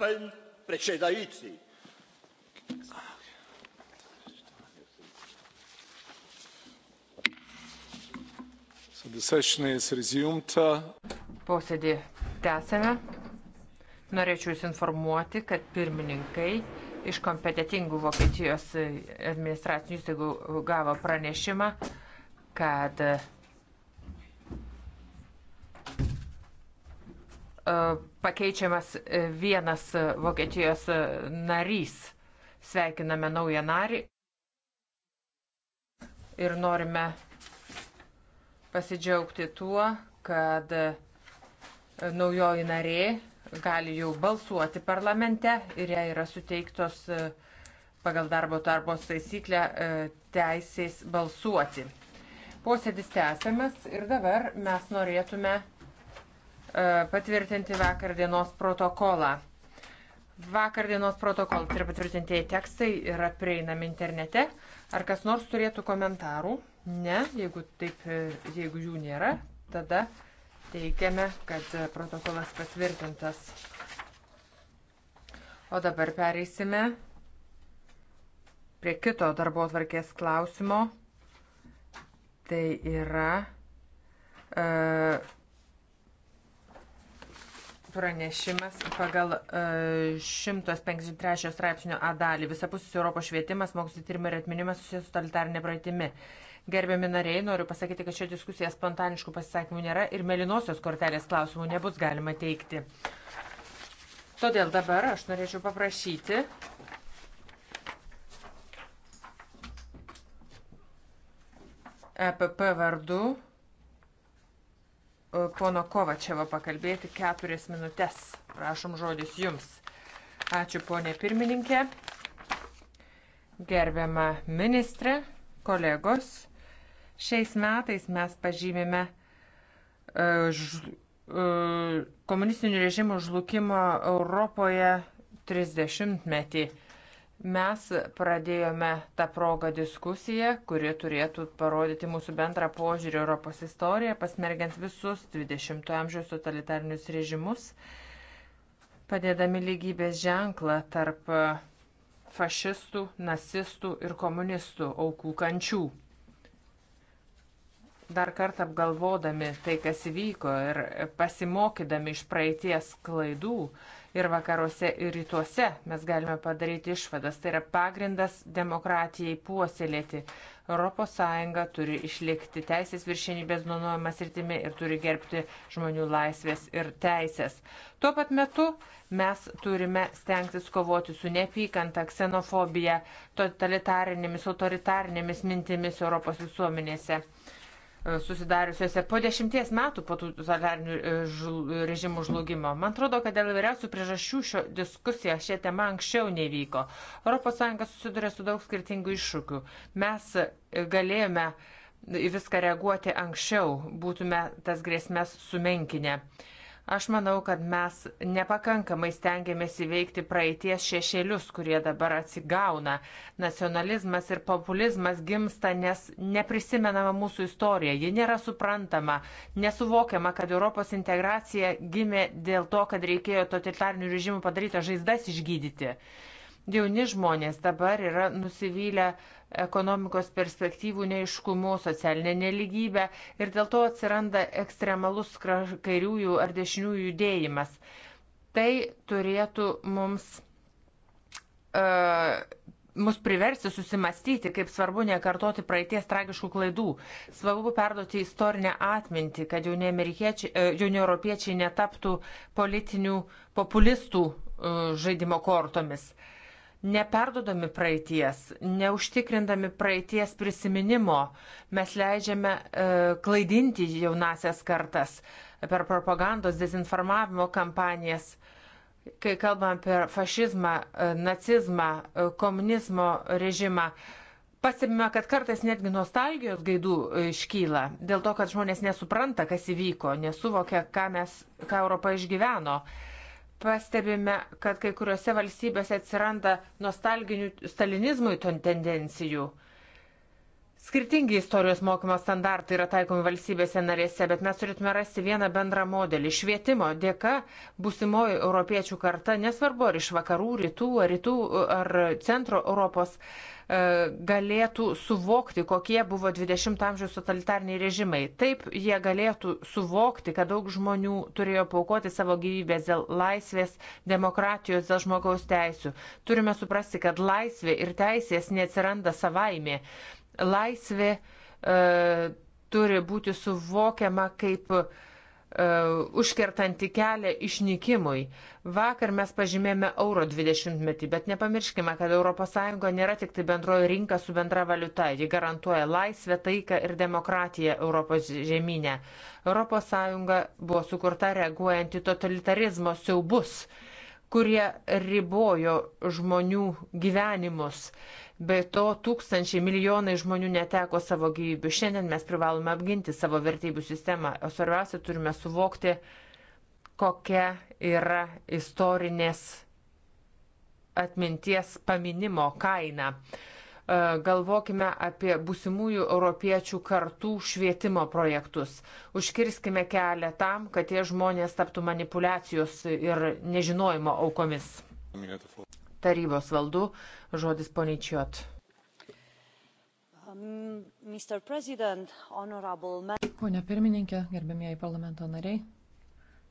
pan predsedající uh, posėdį tęsiame. Norėčiau Jūs informuoti, kad pirmininkai iš kompetitingų Vokietijos administracinių įstaigų gavo pranešimą, kad keičiamas e, vienas e, Vokietijos e, narys. Sveikiname naują narį ir norime pasidžiaugti tuo, kad naujoji narė gali jau balsuoti parlamente ir jai yra suteiktos pagal darbo tarbos taisyklę teisės balsuoti. Posėdis tęsiamas ir dabar mes norėtume E, patvirtinti vakar dienos protokolą. Vakar dienos protokolas ir tai patvirtintieji tekstai yra prieinami internete. Ar kas nors turėtų komentarų? Ne, jeigu, taip, e, jeigu jų nėra, tada teikiame, kad e, protokolas patvirtintas. O dabar pereisime prie kito darbo atvarkės klausimo. Tai yra. Uh, e, pranešimas pagal 153 e, straipsnio A dalį. Visapusis Europos švietimas, mokslo tyrimai ir atminimas susijęs su totalitarinė praeitimi. Gerbiami nariai, noriu pasakyti, kad šio diskusija spontaniškų pasisakymų nėra ir melinosios kortelės klausimų nebus galima teikti. Todėl dabar aš norėčiau paprašyti. EPP vardu E, pono Kovačevo pakalbėti keturias minutės. Prašom žodis jums. Ačiū ponė pirmininkė, gerbiama ministrė, kolegos. Šiais metais mes pažymime uh, ž, uh, komunistinių režimų žlugimo Europoje 30 metį. Mes pradėjome tą progą diskusiją, kuri turėtų parodyti mūsų bendrą požiūrį Europos istoriją, pasmergiant visus 20-ojo amžiaus totalitarinius režimus, padėdami lygybės ženklą tarp fašistų, nacistų ir komunistų aukų kančių. Dar kartą apgalvodami tai, kas įvyko ir pasimokydami iš praeities klaidų, ir vakaruose, ir rytuose mes galime padaryti išvadas. Tai yra pagrindas demokratijai puoselėti. ES turi išlikti teisės viršinybės nuonojimas rytimi ir turi gerbti žmonių laisvės ir teisės. Tuo pat metu mes turime stengtis kovoti su neapykanta, ksenofobija, totalitarinėmis, autoritarinėmis mintimis Europos visuomenėse. E, susidariusiuose po dešimties metų po tų totalitarinių e, režimų žlugimo. Man atrodo, kad dėl įvairiausių priežasčių šio diskusija šią temą anksčiau nevyko. ES susiduria su daug skirtingų iššūkių. Mes e, galėjome į viską reaguoti anksčiau, būtume tas grėsmės sumenkinę. Uh, Aš manau, kad mes nepakankamai stengiamės įveikti praeities šešėlius, kurie dabar atsigauna. Nacionalizmas ir populizmas gimsta, nes neprisimenama mūsų istorija, ji nėra suprantama, nesuvokiama, kad Europos integracija gimė dėl to, kad reikėjo totalitarnių režimų padarytą žaizdas išgydyti jauni žmonės dabar yra nusivylę ekonomikos perspektyvų neiškumu, socialinė neligybė ir dėl to atsiranda ekstremalus kairiųjų ar dešiniųjų judėjimas. Tai turėtų mums, uh, mus priversti susimastyti, kaip svarbu nekartoti praeities tragiškų klaidų. Svarbu perduoti istorinę atmintį, kad jauni, uh, jauni europiečiai netaptų politinių populistų uh, žaidimo kortomis. Uh, neperdodami praeities, neužtikrindami praeities prisiminimo, mes leidžiame e, klaidinti jaunasias kartas per propagandos dezinformavimo kampanijas. Kai kalbam apie fašizmą, e, nacizmą, e, komunizmo režimą, pastebime, kad kartais netgi nostalgijos gaidų e, iškyla dėl to, kad žmonės nesupranta, kas įvyko, nesuvokia, ką, mes, ką Europa išgyveno. E, Pastebime, kad kai kuriuose valstybėse atsiranda nostalginių stalinizmui tendencijų. Skirtingi istorijos mokymo standartai yra taikomi valstybėse narėse, bet mes turėtume rasti vieną bendrą modelį. Švietimo dėka busimoji europiečių karta, nesvarbu ar iš vakarų, rytų, ar rytų, ar centro Europos, e, galėtų suvokti, kokie buvo 20-ojo amžiaus totalitariniai režimai. Taip jie galėtų suvokti, kad daug žmonių turėjo paukoti savo gyvybės dėl laisvės, demokratijos, dėl žmogaus teisų. Turime suprasti, kad laisvė ir teisės neatsiranda savaime laisvė e, turi būti suvokiama kaip e, užkertanti kelią išnykimui. Vakar mes pažymėjome euro 20-metį, bet nepamirškime, kad ES nėra tik tai bendroji rinka su bendra valiuta. Ji garantuoja laisvę, taiką ir demokratiją Europos žemynę. ES buvo sukurta reaguojant į totalitarizmo siaubus. E, kurie ribojo žmonių gyvenimus. Be to tūkstančiai milijonai žmonių neteko savo gyvybių. Šiandien mes privalome apginti savo vertybių sistemą, o svarbiausia turime suvokti, kokia yra istorinės atminties paminimo kaina. E, galvokime apie busimųjų europiečių kartų švietimo projektus. Užkirskime kelią tam, kad tie žmonės taptų manipulacijos ir nežinojimo aukomis. Tarybos valdu žodis poničiot. Um, Pone pirmininkė, gerbėmieji parlamento nariai,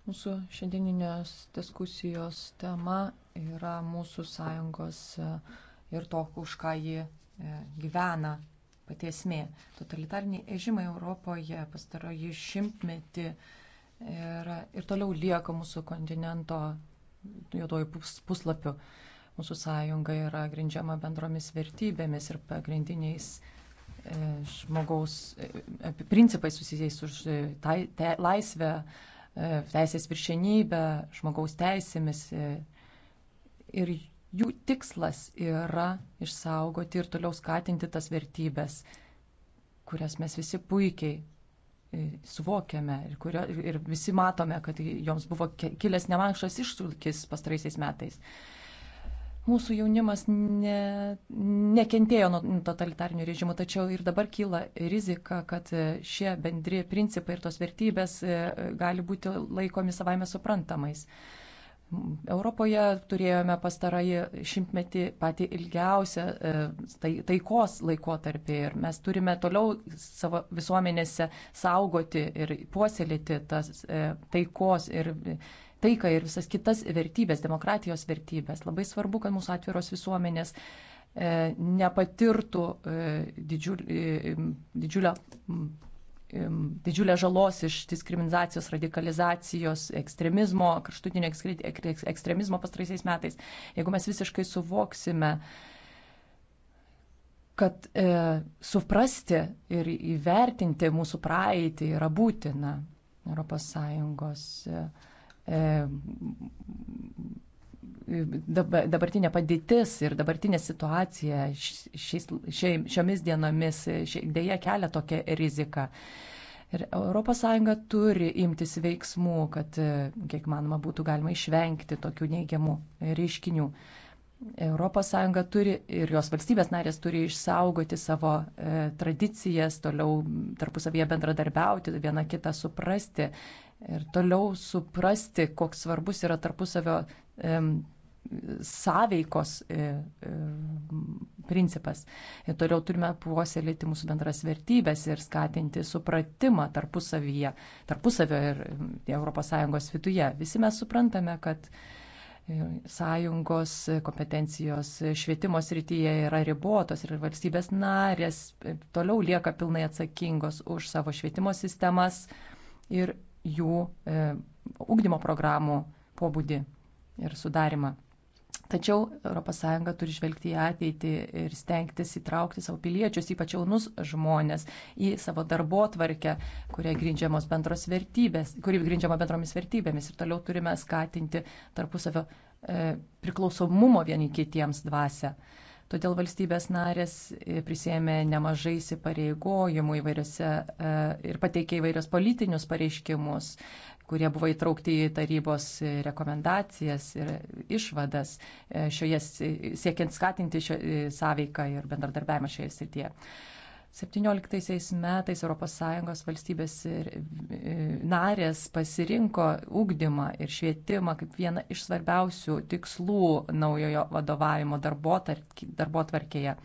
mūsų šiandieninės diskusijos tema yra mūsų sąjungos e, ir to, už ką ji E, gyvena pati esmė. Totalitariniai režimai Europoje pastaroji šimtmetį ir, ir toliau lieka mūsų kontinento juodojų pus, puslapių. Mūsų sąjunga yra grindžiama bendromis vertybėmis ir pagrindiniais e, žmogaus e, principais susijęs už tai, te, laisvę, e, teisės viršenybę, žmogaus teisėmis. E, ir Jų tikslas yra išsaugoti ir toliau skatinti tas vertybės, kurias mes visi puikiai e, suvokiame ir, kurio, ir visi matome, kad joms buvo kilęs nemanšas iššūkis pastaraisiais metais. Mūsų jaunimas ne, nekentėjo nuo totalitarinių režimų, tačiau ir dabar kyla rizika, kad šie bendri principai ir tos vertybės e, gali būti laikomi savaime suprantamais. Europoje turėjome pastarąjį šimtmetį patį ilgiausią e, tai, taikos laikotarpį ir mes turime toliau savo visuomenėse saugoti ir puoselėti tas e, taikos ir taiką ir visas kitas vertybės, demokratijos vertybės. Labai svarbu, kad mūsų atviros visuomenės e, nepatirtų didžiulio didžiulės žalos iš diskriminacijos, radikalizacijos, ekstremizmo, kraštutinio ekstremizmo pastraisiais metais. Jeigu mes visiškai suvoksime, kad e, suprasti ir įvertinti mūsų praeitį yra būtina ES e, dabartinė padėtis ir dabartinė situacija šiais, šiomis dienomis dėja kelia tokią riziką. Ir ES turi imtis veiksmų, kad kiek manoma būtų galima išvengti tokių neigiamų reiškinių. ES turi ir jos valstybės narės turi išsaugoti savo e, tradicijas, toliau tarpusavėje bendradarbiauti, viena kitą suprasti ir toliau suprasti, koks svarbus yra tarpusavio e, sąveikos e, e, principas. Ir toliau turime puoselėti mūsų bendras vertybės ir skatinti supratimą tarpusavyje, tarpusavio ir ES viduje. Visi mes suprantame, kad e, sąjungos kompetencijos švietimo srityje yra ribotos ir valstybės narės toliau lieka pilnai atsakingos už savo švietimo sistemas ir jų e, ugdymo programų pobūdį ir sudarimą. Tačiau ES turi žvelgti į ateitį ir stengtis įtraukti savo piliečius, ypač jaunus žmonės, į savo darbo tvarkę, kuri grindžiama bendromis vertybėmis. Ir toliau turime skatinti tarpusavio e, priklausomumo vieni kitiems dvasę. Todėl valstybės narės e, prisėmė nemažai įsipareigojimų įvairiose e, ir pateikė įvairios politinius pareiškimus, kurie buvo įtraukti į tarybos rekomendacijas ir išvadas, e, šioje, siekiant skatinti šio, e, sąveiką ir bendradarbiavimą šioje srityje. 17 metais ES valstybės e, narės pasirinko ūkdymą ir švietimą kaip vieną iš svarbiausių tikslų naujojo vadovavimo darbo, tarp, darbo tvarkėje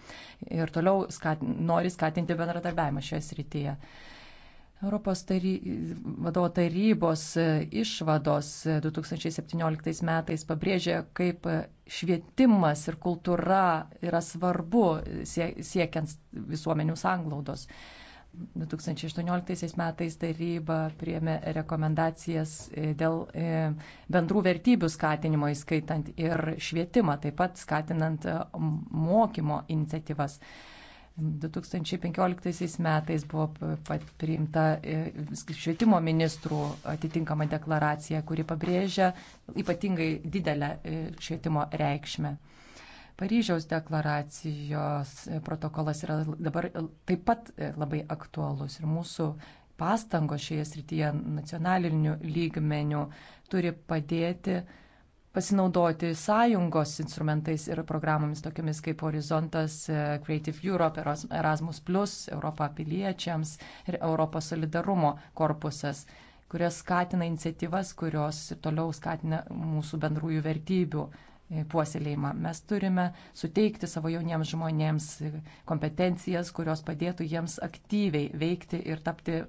ir toliau skat, nori skatinti bendradarbiavimą šioje srityje. Europos tary, vadovo tarybos e, išvados 2017 e, metais pabrėžė, kaip e, švietimas ir kultūra yra svarbu siekiant visuomenių sanglaudos. 2018 metais taryba priėmė rekomendacijas dėl bendrų vertybių skatinimo, įskaitant ir švietimą, taip pat skatinant mokymo iniciatyvas. 2015 metais buvo priimta e, švietimo ministrų atitinkama deklaracija, kuri pabrėžia ypatingai didelę e, švietimo reikšmę. Paryžiaus deklaracijos e, protokolas yra dabar taip pat labai aktuolus ir mūsų pastangos šioje srityje nacionaliniu lygmeniu turi padėti uh, pasinaudoti sąjungos instrumentais ir programomis tokiamis kaip Horizontas, e, Creative Europe, Erasmus, Europa piliečiams ir Europos solidarumo korpusas, kurias skatina iniciatyvas, kurios ir toliau skatina mūsų bendrųjų vertybių e, puoselėjimą. Mes turime suteikti savo jauniems žmonėms kompetencijas, kurios padėtų jiems aktyviai veikti ir tapti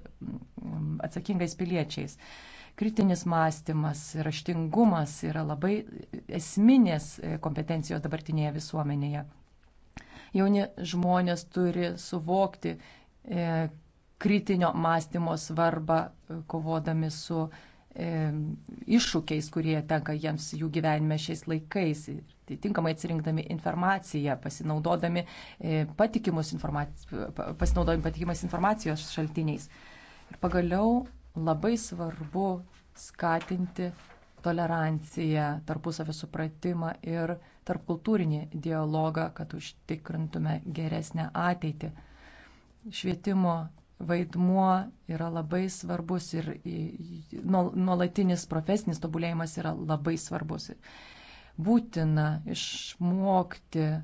atsakingais piliečiais. Kritinis mąstymas, raštingumas yra labai esminės kompetencijos dabartinėje visuomenėje. Jauni žmonės turi suvokti e, kritinio mąstymo svarbą e, kovodami su e, iššūkiais, kurie tenka jiems jų gyvenime šiais laikais. Tai tinkamai atsirinkdami informaciją, pasinaudodami patikimus, informac... pasinaudodami patikimas informacijos šaltiniais. Ir pagaliau Labai svarbu skatinti toleranciją, tarpusavio supratimą ir tarpkultūrinį dialogą, kad užtikrintume geresnę ateitį. Švietimo vaidmuo yra labai svarbus ir nuolatinis profesinis tobulėjimas yra labai svarbus. Būtina išmokti e,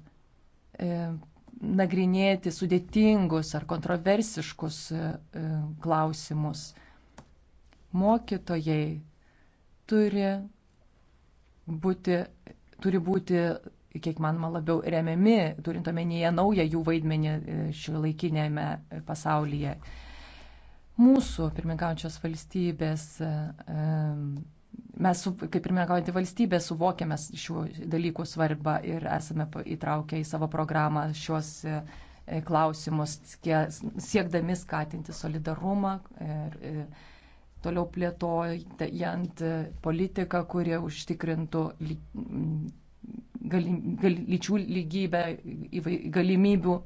nagrinėti sudėtingus ar kontroversiškus e, klausimus mokytojai turi būti, turi būti kiek manoma, labiau remiami, turint omenyje naują jų vaidmenį e, šio laikinėme pasaulyje. Mūsų pirmininkaujančios valstybės, e, e, mes kaip pirmininkaujantį valstybę suvokiame šių dalykų svarbą ir esame įtraukę į savo programą šios klausimus, siekdami skatinti solidarumą. Ir, ir, toliau plėtojant politiką, kurie užtikrintų gali, gal, lyčių lygybę, galimybių,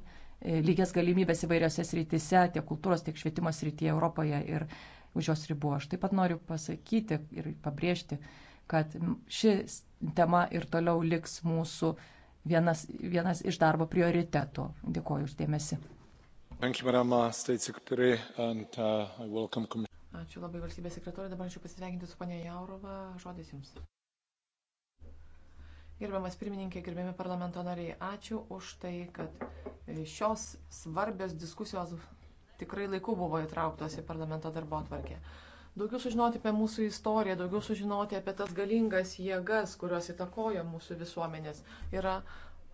lygias galimybės įvairiose srityse, tiek kultūros, tiek švietimo srityje Europoje ir už jos ribų. Aš taip pat noriu pasakyti ir pabrėžti, kad ši tema ir toliau liks mūsų vienas, vienas iš darbo prioritetų. Dėkuoju uždėmesi. Thank you, Madam uh, State Secretary, and uh, I welcome Commissioner. Ačiū labai valstybės sekretorė. Dabar ačiū pasisveikinti su ponia Jaurova. Žodis jums. Gerbiamas pirmininkė, gerbiami parlamento nariai, ačiū už tai, kad e, šios svarbios diskusijos tikrai laiku buvo įtrauktos į parlamento darbo atvarkę. Daugiau sužinoti apie mūsų istoriją, daugiau sužinoti apie tas galingas jėgas, kurios įtakojo mūsų visuomenės, yra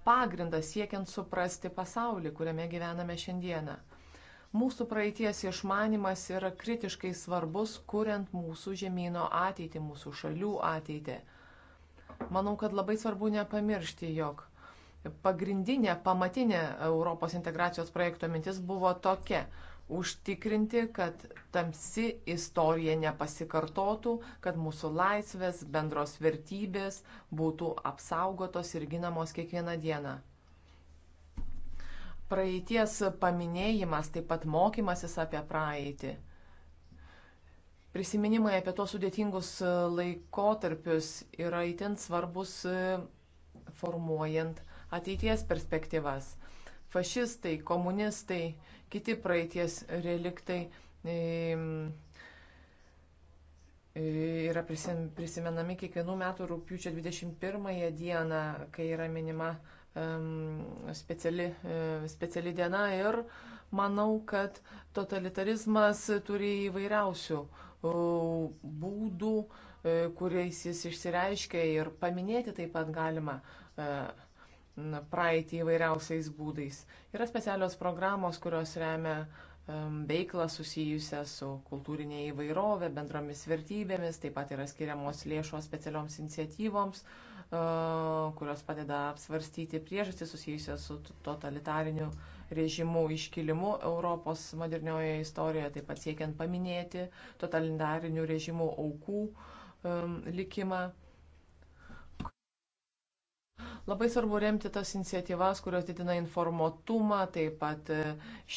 pagrindas siekiant suprasti pasaulį, kuriame gyvename šiandieną. Mūsų praeities išmanimas yra kritiškai svarbus, kuriant mūsų žemynų ateitį, mūsų šalių ateitį. Manau, kad labai svarbu nepamiršti, jog pagrindinė, pamatinė Europos integracijos projekto mintis buvo tokia užtikrinti, kad tamsi istorija nepasikartotų, kad mūsų laisvės, bendros vertybės būtų apsaugotos ir ginamos kiekvieną dieną praeities paminėjimas, taip pat mokymasis apie praeitį, prisiminimai apie tos sudėtingus laikotarpius yra itin svarbus e, formuojant ateities perspektyvas. Fašistai, komunistai, kiti praeities reliktai e, e, yra prisimenami kiekvienų metų rūpiučio 21 dieną, kai yra minima speciali, e, speciali diena ir manau, kad totalitarizmas turi įvairiausių e, būdų, e, kuriais jis išsireiškia ir paminėti taip pat galima praeitį įvairiausiais būdais. Yra specialios programos, kurios remia veiklą susijusią su kultūrinė įvairovė, bendromis vertybėmis, taip pat yra skiriamos lėšos specialioms iniciatyvoms, uh, kurios padeda apsvarstyti priežastį susijusią su totalitariniu režimu iškilimu Europos modernioje istorijoje, taip pat siekiant paminėti totalitarinių režimų aukų um, likimą. Labai svarbu remti tas iniciatyvas, kurios didina informuotumą, taip pat e,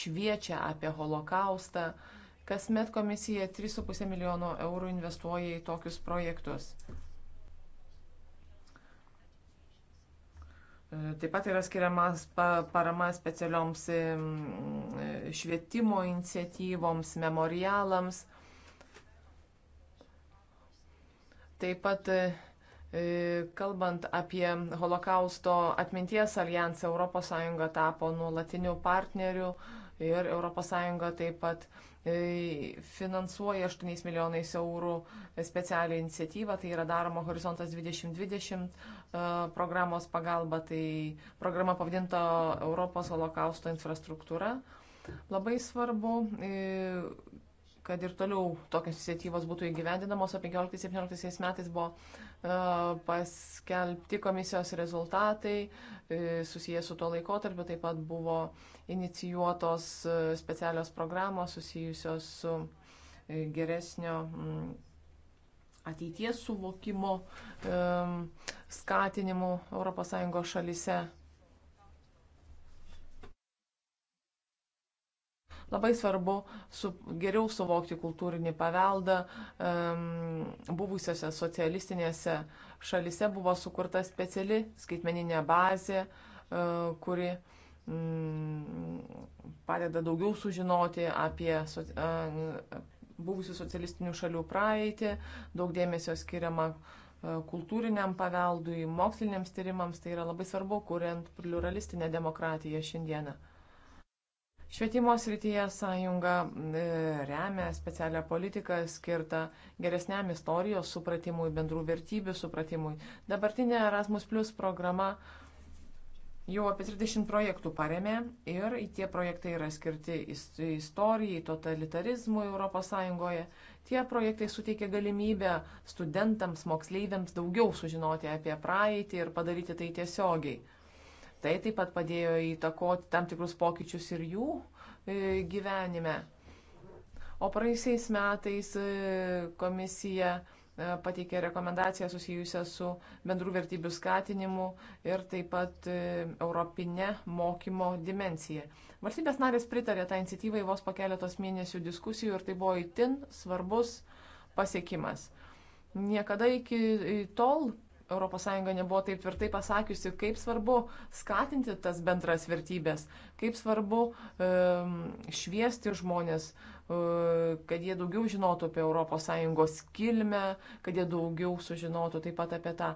šviečia apie holokaustą. Kasmet komisija 3,5 milijono eurų investuoja į tokius projektus. Taip pat yra skiriamas parama specialioms švietimo iniciatyvoms, memorialams. Taip pat E, kalbant apie holokausto atminties alijansą, ES tapo nuolatiniu partneriu ir ES taip pat e, finansuoja 8 milijonais eurų specialią iniciatyvą, tai yra daroma Horizontas 2020 e, programos pagalba, tai programa pavadinta Europos holokausto infrastruktūra. Labai svarbu, kad ir toliau tokios iniciatyvos būtų įgyvendinamos, o 15-17 metais buvo E, paskelbti komisijos rezultatai e, susijęs su tuo laikotarpiu, taip pat buvo inicijuotos e, specialios programos susijusios su geresnio ateities suvokimo skatinimu ES šalise. Labai svarbu su, geriau suvokti kultūrinį paveldą. Um, buvusiose socialistinėse šalise buvo sukurta speciali skaitmeninė bazė, uh, kuri mm, padeda daugiau sužinoti apie e, buvusių socialistinių šalių praeitį, daug dėmesio skiriama e, kultūriniam paveldui, moksliniams tyrimams, tai yra labai svarbu, kuriant pluralistinę demokratiją šiandieną. Švietimo srityje sąjunga e, remia specialią politiką skirtą geresniam istorijos supratimui, bendrų vertybių supratimui. Dabartinė Erasmus Plus programa jau apie 30 projektų paremė ir tie projektai yra skirti istorijai, totalitarizmui ES. Tie projektai suteikia galimybę studentams, moksleiviams daugiau sužinoti apie praeitį ir padaryti tai tiesiogiai. Tai taip pat padėjo įtakoti tam tikrus pokyčius ir jų e, gyvenime. O praeisiais metais e, komisija e, pateikė rekomendaciją susijusią su bendrų vertybių skatinimu ir taip pat europinė mokymo dimencija. Valstybės narės pritarė tą iniciatyvą vos po keletos mėnesių diskusijų ir tai buvo įtin svarbus pasiekimas. Niekada iki tol ES nebuvo taip tvirtai pasakiusi, kaip svarbu skatinti tas bendras vertybės, kaip svarbu um, šviesti žmonės, um, kad jie daugiau žinotų apie ES kilmę, kad jie daugiau sužinotų taip pat apie tą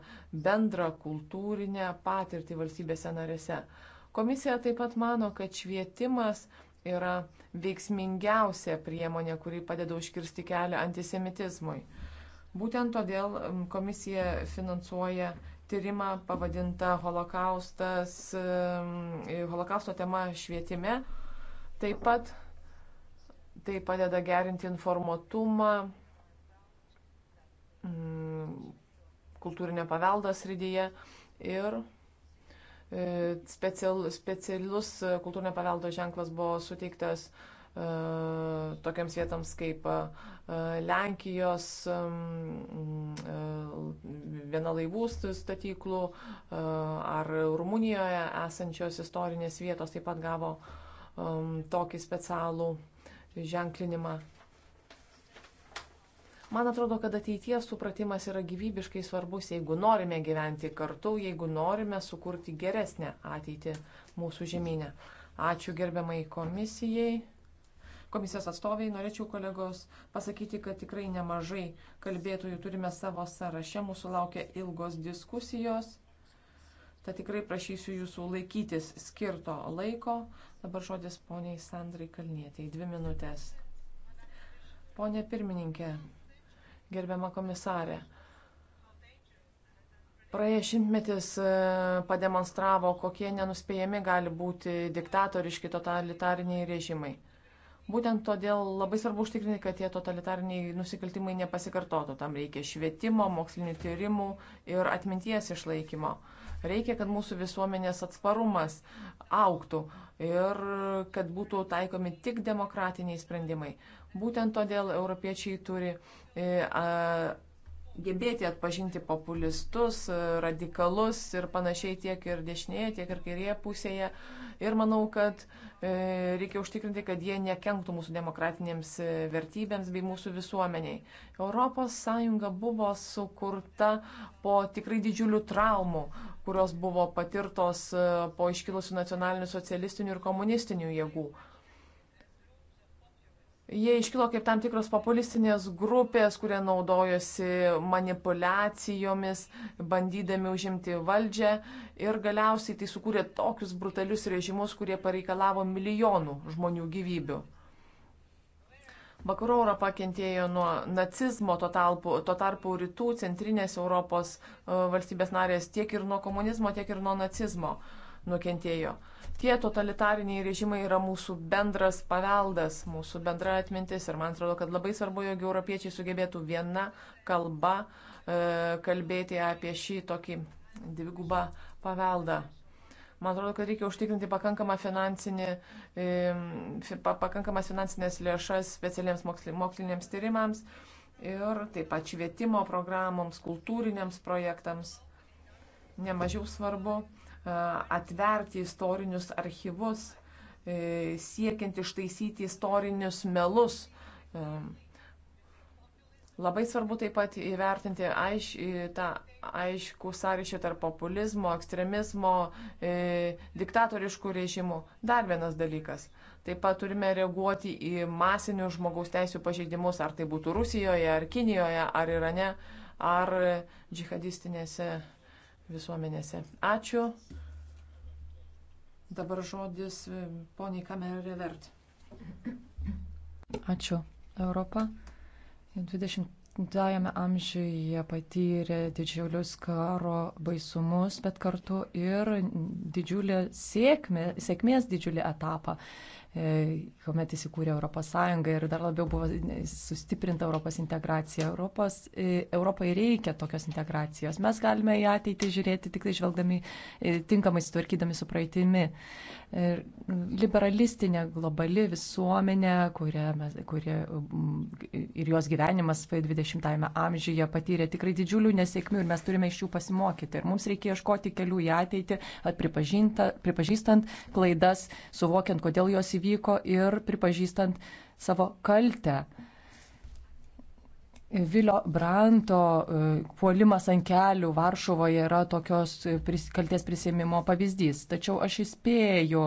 bendrą kultūrinę patirtį valstybėse narėse. Komisija taip pat mano, kad švietimas yra veiksmingiausia priemonė, kuri padeda užkirsti kelią antisemitizmui. Uh, Būtent todėl komisija finansuoja tyrimą pavadintą Holokaustas, Holokausto tema švietime. Taip pat tai padeda gerinti informuotumą kultūrinio paveldo srityje ir e, specialus kultūrinio paveldo ženklas buvo suteiktas E, tokiams vietams kaip e, Lenkijos e, viena laivų statyklų ar Rumunijoje esančios istorinės vietos taip pat gavo tokį specialų ženklinimą. Man atrodo, kad ateities supratimas yra gyvybiškai svarbus, jeigu norime gyventi kartu, jeigu norime sukurti geresnę ateitį mūsų žemynę. Ačiū gerbiamai komisijai komisijos atstoviai, norėčiau kolegos pasakyti, kad tikrai nemažai kalbėtojų turime savo sąraše, mūsų laukia ilgos diskusijos. Tad tikrai prašysiu jūsų laikytis skirto laiko. Dabar žodis poniai Sandrai Kalnietiai. Dvi minutės. Pone pirmininkė, gerbiama komisarė. Praėjęs šimtmetis e, pademonstravo, kokie nenuspėjami gali būti diktatoriški totalitariniai režimai. Būtent todėl labai svarbu užtikrinti, kad tie totalitariniai nusikaltimai nepasikartotų. Tam reikia švietimo, mokslinio tyrimų ir atminties išlaikymo. Reikia, kad mūsų visuomenės atsparumas auktų ir kad būtų taikomi tik demokratiniai sprendimai. Būtent todėl europiečiai turi e, a, gebėti atpažinti populistus, radikalus ir panašiai tiek ir dešinėje, tiek ir kairėje pusėje. Ir manau, kad e, reikia užtikrinti, kad jie nekenktų mūsų demokratinėms e, vertybėms bei mūsų visuomeniai. ES buvo sukurta po tikrai didžiulių traumų, kurios buvo patirtos e, po iškilusių nacionalinių socialistinių ir komunistinių jėgų. Jie iškilo kaip tam tikros populistinės grupės, kurie naudojosi manipulacijomis, bandydami užimti valdžią ir galiausiai tai sukūrė tokius brutalius režimus, kurie pareikalavo milijonų žmonių gyvybių. Vakarų Europa kentėjo nuo nacizmo, tuo, talpu, tuo tarpu rytų centrinės Europos e, valstybės narės tiek ir nuo komunizmo, tiek ir nuo nacizmo nukentėjo. Uh, Tie totalitariniai režimai yra mūsų bendras paveldas, mūsų bendra atmintis ir man atrodo, kad labai svarbu, jog europiečiai sugebėtų viena kalba e, kalbėti apie šį tokį dvigubą paveldą. Man atrodo, kad reikia užtikrinti pakankamą finansinį, e, pakankamas finansinės lėšas specialiems moksliniams tyrimams ir taip pat švietimo programoms, kultūriniams projektams. Nemažiau svarbu, E, atverti istorinius archyvus, e, siekiant ištaisyti istorinius melus. E, labai svarbu taip pat įvertinti aiš, tą aišku sąryšį tarp populizmo, ekstremizmo, e, diktatoriškų režimų. Dar vienas dalykas. Taip pat turime reaguoti į masinius žmogaus teisų pažeidimus, ar tai būtų Rusijoje, ar Kinijoje, ar Irane, ar džihadistinėse visuomenėse. Ačiū. Dabar žodis e, poniai Kamerė Vert. Ačiū. Europa 20-ame amžiuje patyrė didžiulius karo baisumus, bet kartu ir didžiulę sėkmę, sėkmės didžiulį etapą. E, kuomet įsikūrė Europos Sąjunga ir dar labiau buvo sustiprinta Europos integracija. Europos, e, Europai reikia tokios integracijos. Mes galime į ateitį žiūrėti tik tai žvelgdami, e, tinkamai sutvarkydami su praeitimi. Liberalistinė globali visuomenė, kurie, kurie ir jos gyvenimas 20-ame amžiuje patyrė tikrai didžiulių nesėkmių ir mes turime iš jų pasimokyti. Ir mums reikia ieškoti kelių į ateitį, pripažįstant klaidas, suvokiant, kodėl jos įvyko įvyko ir pripažįstant savo kaltę. Vilio Branto e, puolimas ant kelių Varšuvoje yra tokios e, pris, kalties prisėmimo pavyzdys. Tačiau aš įspėju,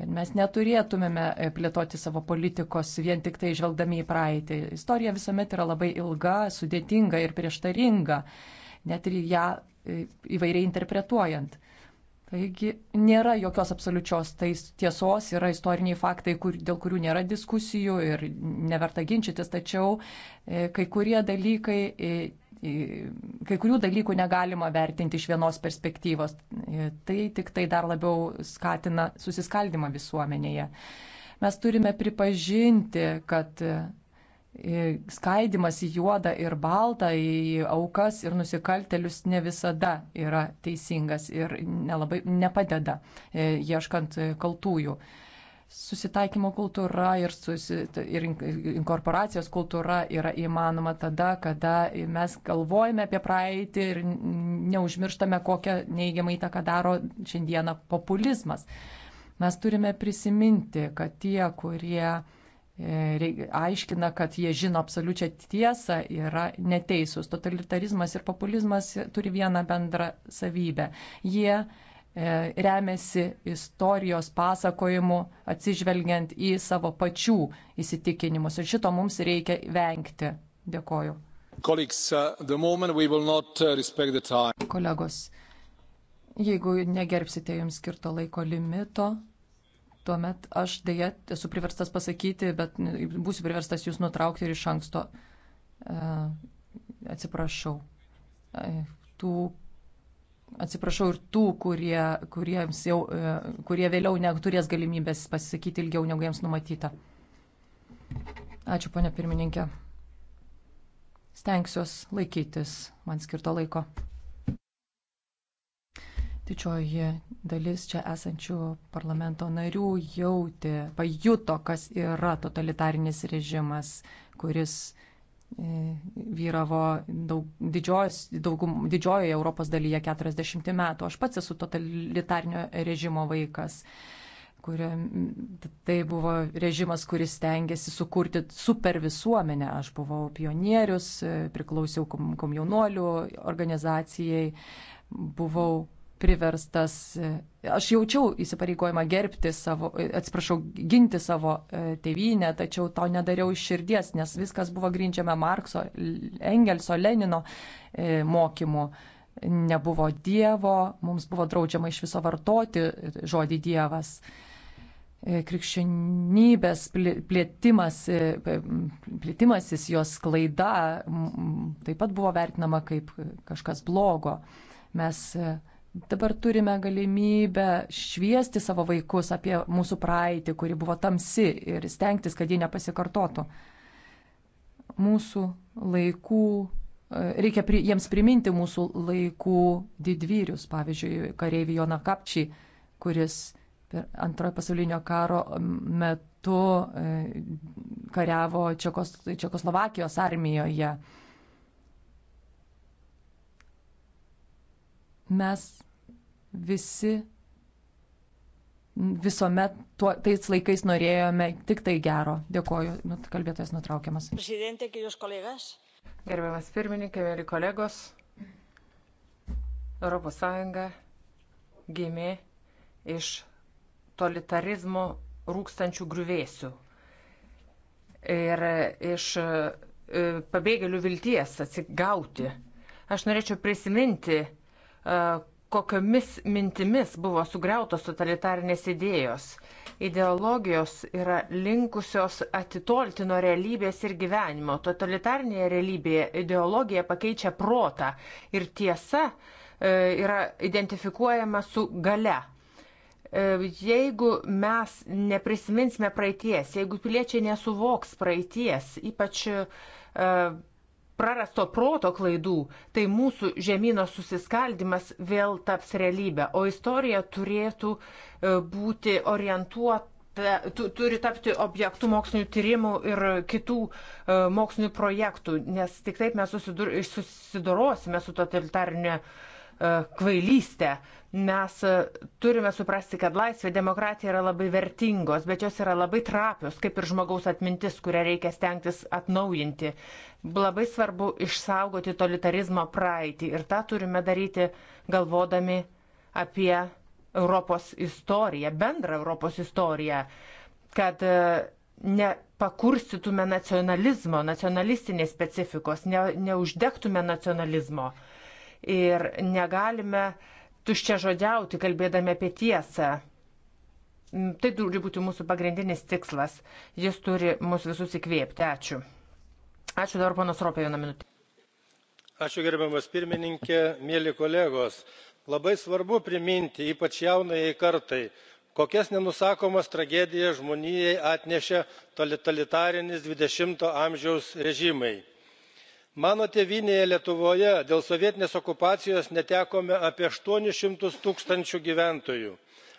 kad mes neturėtumėme e, plėtoti savo politikos vien tik tai žvelgdami į praeitį. Istorija visuomet yra labai ilga, sudėtinga ir prieštaringa, net ir ją įvairiai interpretuojant. Taigi nėra jokios absoliučios tais tiesos, yra istoriniai faktai, kur, dėl kurių nėra diskusijų ir neverta ginčytis, tačiau e, kai kurie dalykai e, e, kai kurių dalykų negalima vertinti iš vienos perspektyvos. Tai tik tai dar labiau skatina susiskaldimą visuomenėje. Mes turime pripažinti, kad skaidimas į juodą ir baltą, į aukas ir nusikaltelius ne visada yra teisingas ir nelabai nepadeda e, ieškant kaltųjų. Susitaikymo kultūra ir, susi, ir inkorporacijos kultūra yra įmanoma tada, kada mes galvojame apie praeitį ir neužmirštame, kokią neigiamą įtaką daro šiandieną populizmas. Mes turime prisiminti, kad tie, kurie E, aiškina, kad jie žino absoliučią tiesą, yra neteisūs. Totalitarizmas ir populizmas turi vieną bendrą savybę. Jie e, remiasi istorijos pasakojimu, atsižvelgiant į savo pačių įsitikinimus. Ir šito mums reikia vengti. Dėkoju. Uh, uh, Kolegos, jeigu negerbsite jums skirto laiko limito, Tuomet aš dėja esu priverstas pasakyti, bet būsiu priverstas jūs nutraukti ir iš anksto. E, atsiprašau. E, tų, atsiprašau ir tų, kurie, kuriems jau, e, kurie vėliau neturės galimybės pasisakyti ilgiau negu jiems numatyta. Ačiū, ponia pirmininkė. Stengsiuos laikytis man skirto laiko. Didžioji dalis čia esančių parlamento narių jautė, pajuto, kas yra totalitarinis režimas, kuris e, vyravo daug, didžios, daugum, didžiojoje Europos dalyje 40 metų. Aš pats esu totalitarnio režimo vaikas. Kurio, tai buvo režimas, kuris stengiasi sukurti super visuomenę. Aš buvau pionierius, priklausiau komjaunuolių organizacijai, buvau priverstas, aš jaučiau įsipareigojimą gerbti savo, atsiprašau, ginti savo e, tėvynę, tačiau to nedariau iš širdies, nes viskas buvo grindžiama Markso, Engelso, Lenino e, mokymu. Nebuvo Dievo, mums buvo draudžiama iš viso vartoti žodį Dievas. E, krikščionybės plėtimas, plėtimasis, jos klaida taip pat buvo vertinama kaip kažkas blogo. Mes Dabar turime galimybę šviesti savo vaikus apie mūsų praeitį, kuri buvo tamsi ir stengtis, kad ji nepasikartotų. Mūsų laikų, e, reikia pri, jiems priminti mūsų laikų didvyrius, pavyzdžiui, kareivį Joną Kapčį, kuris per antrojo pasaulinio karo metu e, kariavo Čekos, Čekoslovakijos armijoje. mes visi visuomet tuo, tais laikais norėjome tik tai gero. Dėkoju, nu, kalbėtojas nutraukiamas. Gerbiamas pirmininkė, mėly kolegos, ES gimė iš totalitarizmo rūkstančių grįvėsių ir iš e, pabėgėlių vilties atsigauti. Aš norėčiau prisiminti E, kokiomis mintimis buvo sugriautos totalitarnės idėjos. Ideologijos yra linkusios atitolti nuo realybės ir gyvenimo. Totalitarnėje realybėje ideologija pakeičia protą ir tiesa e, yra identifikuojama su gale jeigu mes neprisiminsime praeities, jeigu piliečiai nesuvoks praeities, ypač e, prarasto proto klaidų, tai mūsų žemynų susiskaldimas vėl taps realybė, o istorija turėtų e, būti orientuota, tu, turi tapti objektų mokslinių tyrimų ir kitų uh, mokslinių projektų, nes tik taip mes susidur, susidorosime su totalitarinė uh, e, kvailystė. Uh, mes e, turime suprasti, kad laisvė, demokratija yra labai vertingos, bet jos yra labai trapios, kaip ir žmogaus atmintis, kurią reikia stengtis atnaujinti. Labai svarbu išsaugoti totalitarizmo praeitį ir tą turime daryti galvodami apie Europos istoriją, bendrą Europos istoriją, kad e, nepakurstytume nacionalizmo, nacionalistinės specifikos, ne, neuždegtume nacionalizmo ir negalime uh, tuščia žodžiauti, kalbėdami apie tiesą. Mm, tai turi būti mūsų pagrindinis tikslas. Jis turi mus visus įkvėpti. Ačiū. Ačiū dar ponas Ropė vieną minutę. Ačiū gerbiamas pirmininkė, mėly kolegos. Labai svarbu priminti, ypač jaunajai kartai, kokias nenusakomas tragedijas žmonijai atnešė totalitarinis dvidešimto amžiaus režimai mano tėvynėje lietuvoje dėl sovietinės okupacijos netekome apie aštuonis šimtus tūkstančių gyventojų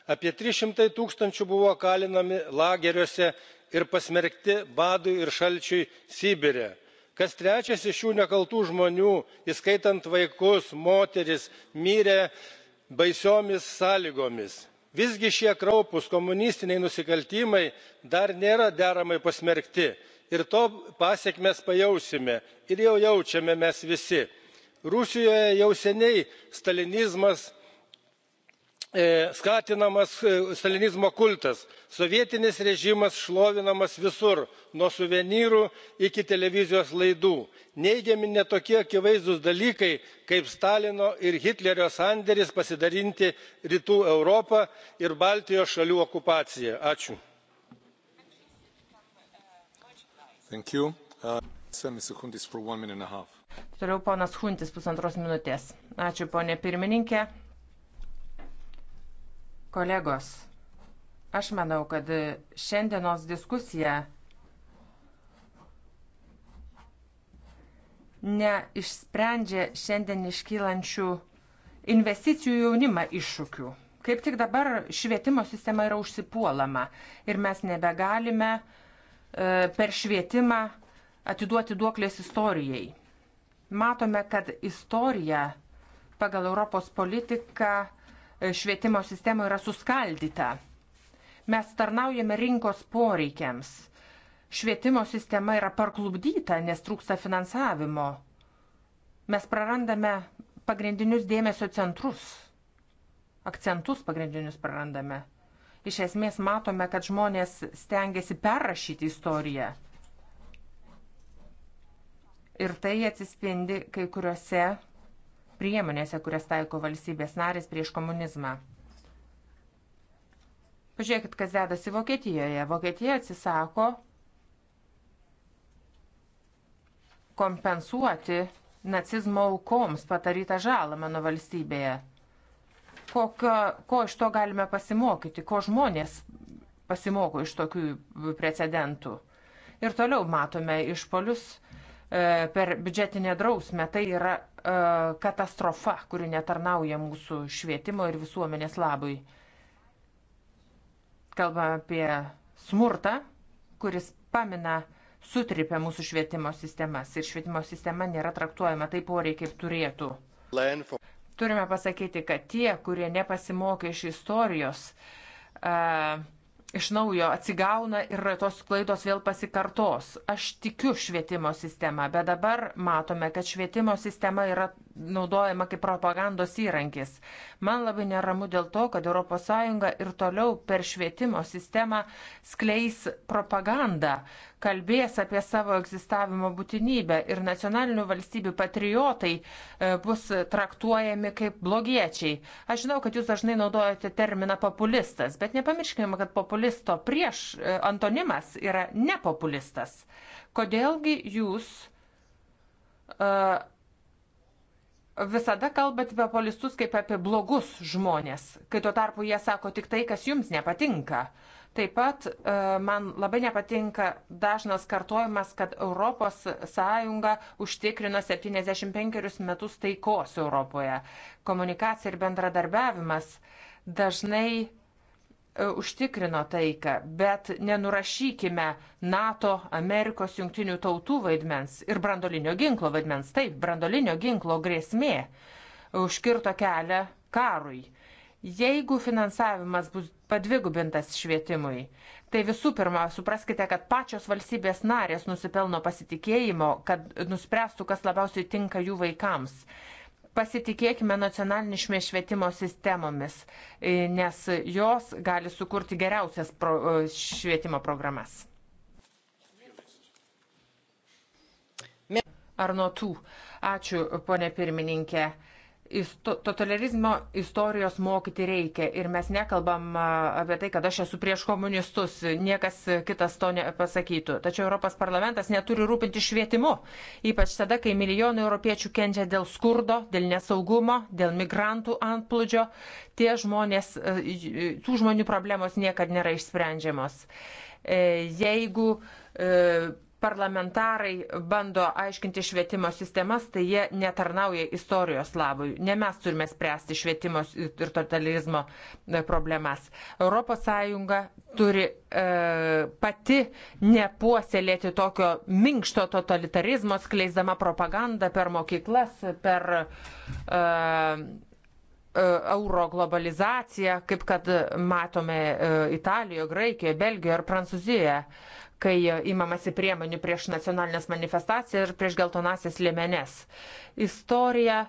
apie trys šimtai tūkstančių buvo kalinami lageriuose ir pasmerkti badui ir šalčiui sibire kas trečias iš šių nekaltų žmonių įskaitant vaikus moteris mirė baisiomis sąlygomis. visgi šie kraupūs komunistiniai nusikaltimai dar nėra deramai pasmerkti ir to pasekmes pajausime ir jau jaučiame mes visi. rusijoje jau seniai stalinizmas e, skatinamas e, stalinizmo kultas sovietinis režimas šlovinamas visur nuo suvenyrų iki televizijos laidų. neigiami net tokie akivaizdūs dalykai kaip stalino ir hitlerio sandėris pasidalinti rytų europą ir baltijos šalių okupacija. Uh, Toliau ponas Huntis pusantros minutės. Ačiū ponė pirmininkė. Kolegos, aš manau, kad šiandienos diskusija neišsprendžia šiandien iškylančių investicijų jaunimą iššūkių. Kaip tik dabar švietimo sistema yra užsipuolama ir mes nebegalime uh, E, per švietimą atiduoti duoklės istorijai. Matome, kad istorija pagal Europos politiką e, švietimo sistemoje yra suskaldyta. Mes tarnaujame rinkos poreikiams. Švietimo sistema yra parklubdyta, nes trūksta finansavimo. Mes prarandame pagrindinius dėmesio centrus. Akcentus pagrindinius prarandame iš esmės matome, kad žmonės stengiasi perrašyti istoriją. Ir tai atsispindi kai kuriuose priemonėse, kurias taiko valstybės narės prieš komunizmą. Pažiūrėkit, kas dedasi Vokietijoje. Vokietija atsisako kompensuoti nacizmo aukoms padarytą žalą mano valstybėje kokio, ko iš to galime pasimokyti, ko žmonės pasimoko iš tokių precedentų. Ir toliau matome išpolius e, per biudžetinę drausmę. Tai yra e, katastrofa, kuri netarnauja mūsų švietimo ir visuomenės labui. Kalbame apie smurtą, kuris pamina sutripia mūsų švietimo sistemas ir švietimo sistema nėra traktuojama taip oriai, kaip turėtų turime pasakyti, kad tie, kurie nepasimokė iš istorijos, uh, iš naujo atsigauna ir tos klaidos vėl pasikartos. Aš tikiu švietimo sistemą, bet dabar matome, kad švietimo sistema yra naudojama kaip propagandos įrankis. Man labai neramu dėl to, kad ES ir toliau per švietimo sistemą skleis propagandą, kalbės apie savo egzistavimo būtinybę ir nacionalinių valstybių patriotai e, bus traktuojami kaip blogiečiai. Aš žinau, kad jūs dažnai naudojate terminą populistas, bet nepamirškime, kad populisto prieš e, antonimas yra nepopulistas. Kodėlgi jūs uh, visada kalbate apie polistus kaip apie blogus žmonės, kai tuo tarpu jie sako tik tai, kas jums nepatinka. Taip pat e, man labai nepatinka dažnas kartojimas, kad ES užtikrino 75 metus taikos Europoje. Komunikacija ir bendradarbiavimas dažnai E, užtikrino taiką, bet nenurašykime NATO, Amerikos jungtinių tautų vaidmens ir brandolinio ginklo vaidmens. Taip, brandolinio ginklo grėsmė užkirto kelią karui. Jeigu finansavimas bus padvigubintas švietimui, tai visų pirma, supraskite, kad pačios valstybės narės nusipelno pasitikėjimo, kad nuspręstų, kas labiausiai tinka jų vaikams. Pasitikėkime nacionalinišmės švietimo sistemomis, e, nes jos gali sukurti geriausias pro, e, švietimo programas. Ar nuo tų? Ačiū, ponė pirmininkė. Totalitarizmo istorijos mokyti reikia ir mes nekalbam apie tai, kad aš esu prieš komunistus, niekas kitas to nepasakytų. Tačiau Europos parlamentas neturi rūpinti švietimu, ypač tada, kai milijonai europiečių kenčia dėl skurdo, dėl nesaugumo, dėl migrantų antplūdžio. Tie žmonės, tų žmonių problemos niekada nėra išsprendžiamos. E, jeigu e, parlamentarai bando aiškinti švietimo sistemas, tai jie netarnauja istorijos labui. Ne mes turime spręsti švietimo ir totalizmo e, problemas. ES turi e, pati nepuoselėti tokio minkšto totalitarizmo, skleisdama propagandą per mokyklas, per e, e euro globalizaciją, kaip kad matome e, Italijoje, Graikijoje, Belgijoje ar Prancūzijoje kai imamasi priemonių prieš nacionalinės manifestacijas ir prieš geltonasias liemenes. Istorija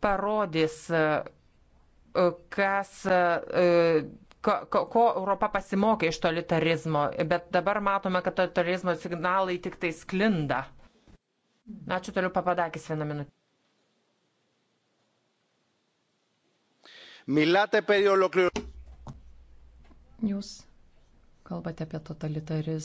parodys, e, kas, e, ko, ko Europa pasimokė iš totalitarizmo, bet dabar matome, kad totalitarizmo signalai tik tai sklinda. Ačiū toliau papadakis vieną minutę. Μιλάτε περί ολοκληρωσίας. Jūs kalbate apie totalitarizmą.